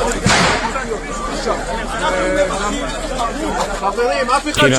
Ee,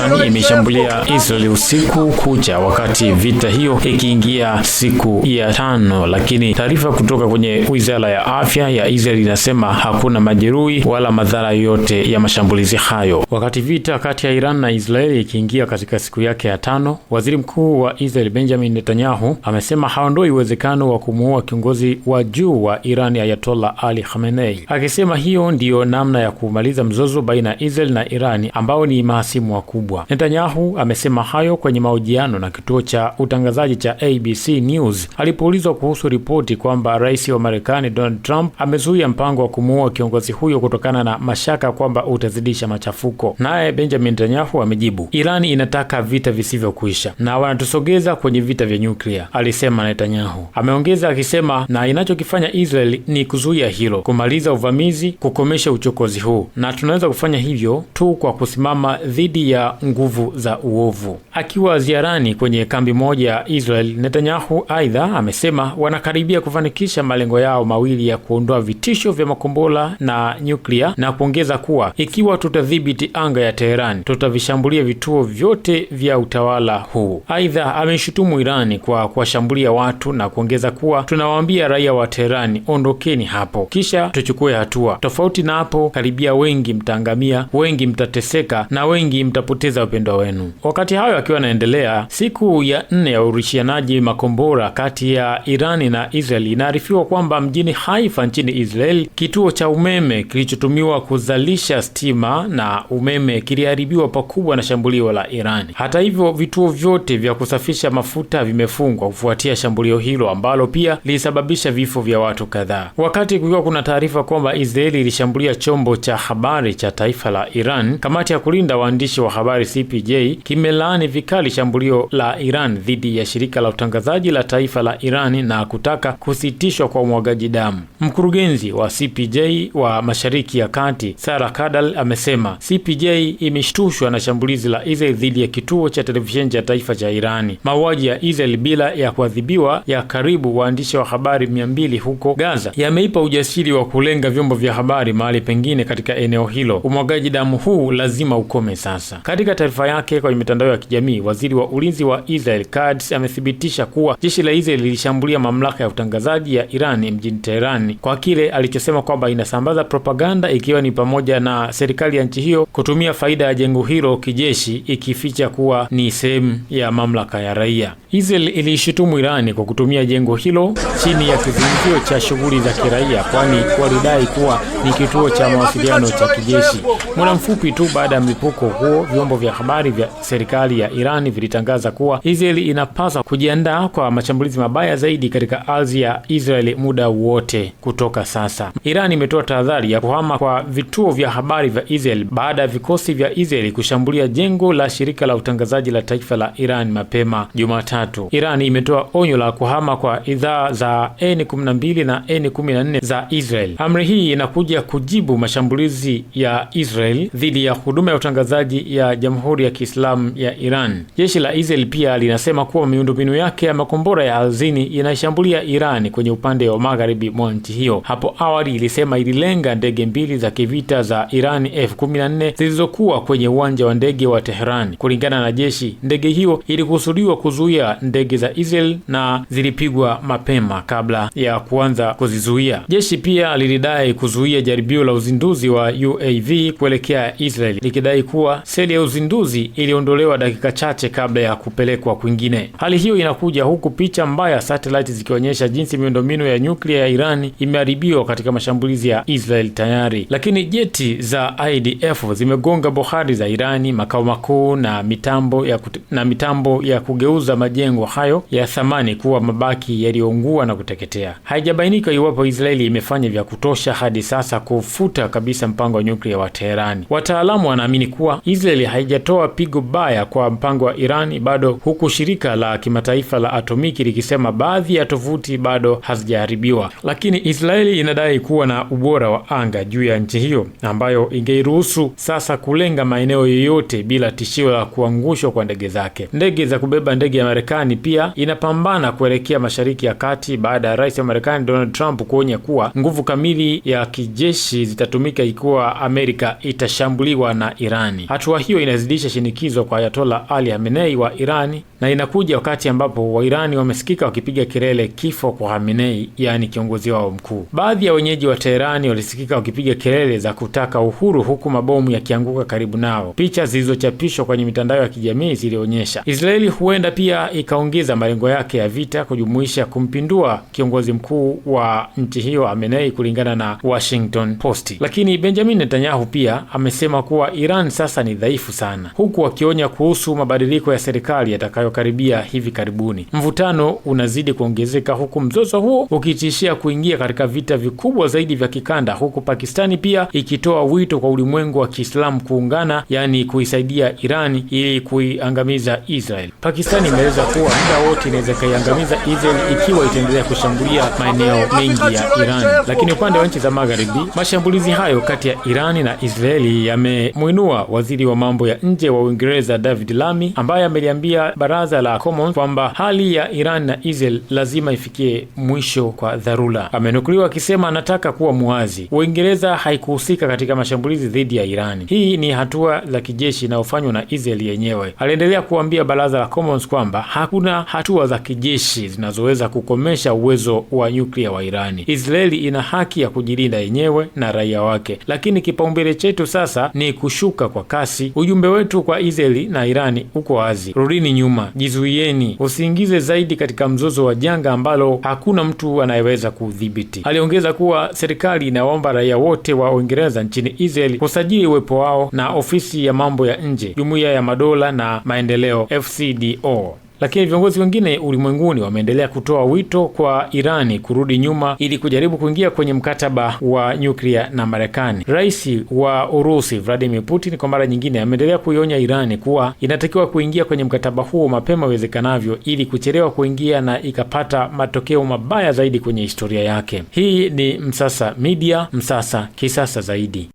iran imeshambulia Israeli usiku kucha, wakati vita hiyo ikiingia siku ya tano, lakini taarifa kutoka kwenye wizara ya afya ya Israeli inasema hakuna majeruhi wala madhara yote ya mashambulizi hayo. Wakati vita kati ya Iran na Israeli ikiingia katika siku yake ya tano, waziri mkuu wa Israeli Benjamin Netanyahu amesema haondoi uwezekano wa kumuua kiongozi wa juu wa Irani Ayatollah Ali Khamenei, akisema hiyo ndiyo namna ya kumaliza mzozo baina ya Israeli na Iran Marekani ambao ni mahasimu wakubwa. Netanyahu amesema hayo kwenye mahojiano na kituo cha utangazaji cha ABC News alipoulizwa kuhusu ripoti kwamba rais wa Marekani Donald Trump amezuia mpango wa kumuua kiongozi huyo kutokana na mashaka kwamba utazidisha machafuko. Naye Benjamin Netanyahu amejibu, Irani inataka vita visivyokuisha na wanatusogeza kwenye vita vya nyuklia, alisema Netanyahu. Ameongeza akisema, na inachokifanya Israeli ni kuzuia hilo, kumaliza uvamizi, kukomesha uchokozi huu, na tunaweza kufanya hivyo tu kwa kusimama dhidi ya nguvu za uovu. Akiwa ziarani kwenye kambi moja ya Israel, Netanyahu aidha amesema wanakaribia kufanikisha malengo yao mawili ya kuondoa vitisho vya makombora na nyuklia, na kuongeza kuwa ikiwa tutadhibiti anga ya Teherani, tutavishambulia vituo vyote vya utawala huu. Aidha ameshutumu Irani kwa kuwashambulia watu na kuongeza kuwa tunawaambia raia wa Teherani, ondokeni hapo, kisha tuchukue hatua. Tofauti na hapo, karibia wengi mtaangamia, wengi mta mtateseka na wengi mtapoteza upendwa wenu. Wakati hayo akiwa anaendelea, siku ya nne ya urushianaji makombora kati ya Irani na Israel, inaarifiwa kwamba mjini Haifa nchini Israel, kituo cha umeme kilichotumiwa kuzalisha stima na umeme kiliharibiwa pakubwa na shambulio la Irani. Hata hivyo, vituo vyote vya kusafisha mafuta vimefungwa kufuatia shambulio hilo ambalo pia lilisababisha vifo vya watu kadhaa, wakati kukiwa kuna taarifa kwamba Israeli ilishambulia chombo cha habari cha taifa la Iran Kamati ya kulinda waandishi wa habari CPJ kimelaani vikali shambulio la Iran dhidi ya shirika la utangazaji la taifa la Iran na kutaka kusitishwa kwa umwagaji damu. Mkurugenzi wa CPJ wa Mashariki ya Kati, Sara Kadal, amesema CPJ imeshtushwa na shambulizi la Israel dhidi ya kituo cha televisheni cha taifa cha Irani. Mauaji ya Israel bila ya kuadhibiwa ya karibu waandishi wa habari mia mbili huko Gaza yameipa ujasiri wa kulenga vyombo vya habari mahali pengine katika eneo hilo. Umwagaji damu huu lazima ukome sasa. Katika taarifa yake kwenye mitandao ya kijamii, waziri wa ulinzi wa Israel Katz amethibitisha kuwa jeshi la Israel lilishambulia mamlaka ya utangazaji ya iran mjini Teherani kwa kile alichosema kwamba inasambaza propaganda, ikiwa ni pamoja na serikali ya nchi hiyo kutumia faida ya jengo hilo kijeshi, ikificha kuwa ni sehemu ya mamlaka ya raia. Israel iliishutumu Irani kwa kutumia jengo hilo chini ya kizingio cha shughuli za kiraia, kwani walidai kuwa ni kituo cha mawasiliano cha kijeshi. Muda mfupi tu baada ya mlipuko huo, vyombo vya habari vya serikali ya Iran vilitangaza kuwa Israeli inapaswa kujiandaa kwa mashambulizi mabaya zaidi katika ardhi ya Israeli muda wote kutoka sasa. Iran imetoa tahadhari ya kuhama kwa vituo vya habari vya Israeli baada ya vikosi vya Israeli kushambulia jengo la shirika la utangazaji la taifa la Iran mapema Jumatatu. Iran imetoa onyo la kuhama kwa idhaa za N12 na N14 za Israeli. Amri hii inakuja kujibu mashambulizi ya Israeli dhidi dhidi ya huduma ya utangazaji ya Jamhuri ya Kiislamu ya Iran. Jeshi la Israel pia linasema kuwa miundombinu yake ya makombora ya ardhini inashambulia Iran kwenye upande wa magharibi mwa nchi hiyo. Hapo awali ilisema ililenga ndege mbili za kivita za Iran F-14 zilizokuwa kwenye uwanja wa ndege wa Tehran. Kulingana na jeshi, ndege hiyo ilikusudiwa kuzuia ndege za Israel na zilipigwa mapema kabla ya kuanza kuzizuia. Jeshi pia lilidai kuzuia jaribio la uzinduzi wa UAV kuelekea Israel likidai kuwa seli ya uzinduzi iliondolewa dakika chache kabla ya kupelekwa kwingine. Hali hiyo inakuja huku picha mbaya satellite zikionyesha jinsi miundombinu ya nyuklia ya Irani imeharibiwa katika mashambulizi ya Israel tayari. Lakini jeti za IDF zimegonga bohari za Irani, makao makuu na mitambo ya na mitambo ya kugeuza majengo hayo ya thamani kuwa mabaki yaliyoungua na kuteketea. Haijabainika iwapo Israeli imefanya vya kutosha hadi sasa kufuta kabisa mpango wa nyuklia wa Teherani. Wata Wataalamu wanaamini kuwa Israeli haijatoa pigo baya kwa mpango wa Irani bado, huku shirika la kimataifa la atomiki likisema baadhi ya tovuti bado hazijaharibiwa, lakini Israeli inadai kuwa na ubora wa anga juu ya nchi hiyo ambayo ingeiruhusu sasa kulenga maeneo yoyote bila tishio la kuangushwa kwa ndege zake. Ndege za kubeba ndege ya Marekani pia inapambana kuelekea Mashariki ya Kati baada ya rais wa Marekani Donald Trump kuonya kuwa nguvu kamili ya kijeshi zitatumika ikiwa Amerika itashambulia kuchukuliwa na Irani. Hatua hiyo inazidisha shinikizo kwa Ayatola Ali Hamenei wa Irani na inakuja wakati ambapo Wairani wamesikika wakipiga kelele kifo kwa Hamenei, yaani kiongozi wao mkuu. Baadhi ya wenyeji wa Teherani walisikika wakipiga kelele za kutaka uhuru, huku mabomu yakianguka karibu nao. Picha zilizochapishwa kwenye mitandao ya kijamii zilionyesha Israeli huenda pia ikaongeza malengo yake ya vita kujumuisha kumpindua kiongozi mkuu wa nchi hiyo Hamenei, kulingana na Washington Post. Lakini Benjamin Netanyahu pia amesema kuwa Iran sasa ni dhaifu sana, huku akionya kuhusu mabadiliko ya serikali yatakayo yanayokaribia hivi karibuni. Mvutano unazidi kuongezeka huku mzozo huo ukitishia kuingia katika vita vikubwa zaidi vya kikanda, huku Pakistani pia ikitoa wito kwa ulimwengu wa Kiislamu kuungana, yani kuisaidia Irani ili kuiangamiza Israel. Pakistani imeeleza kuwa muda wote inaweza ikaiangamiza Israel ikiwa itaendelea kushambulia maeneo mengi ya Irani. Lakini upande wa nchi za Magharibi, mashambulizi hayo kati ya Irani na Israeli yamemwinua waziri wa mambo ya nje wa Uingereza David Lammy ambaye ameliambia baraza baraza la Commons kwamba hali ya Iran na Israel lazima ifikie mwisho kwa dharura. Amenukuliwa akisema anataka kuwa muwazi, Uingereza haikuhusika katika mashambulizi dhidi ya Irani. Hii ni hatua za kijeshi inayofanywa na Israel yenyewe. Aliendelea kuambia baraza la Commons kwamba hakuna hatua za kijeshi zinazoweza kukomesha uwezo wa nyuklia wa Irani. Israeli ina haki ya kujilinda yenyewe na raia wake, lakini kipaumbele chetu sasa ni kushuka kwa kasi. Ujumbe wetu kwa Israeli na Irani uko wazi: rudini nyuma, jizuieni, usiingize zaidi katika mzozo wa janga ambalo hakuna mtu anayeweza kudhibiti. Aliongeza kuwa serikali inawaomba raia wote wa Uingereza nchini Israel kusajili uwepo wao na ofisi ya mambo ya nje, jumuiya ya madola na maendeleo FCDO. Lakini viongozi wengine ulimwenguni wameendelea kutoa wito kwa Irani kurudi nyuma ili kujaribu kuingia kwenye mkataba wa nyuklia na Marekani. Rais wa Urusi Vladimir Putin kwa mara nyingine ameendelea kuionya Irani kuwa inatakiwa kuingia kwenye mkataba huo mapema iwezekanavyo, ili kuchelewa kuingia na ikapata matokeo mabaya zaidi kwenye historia yake. Hii ni Msasa Media, Msasa kisasa zaidi.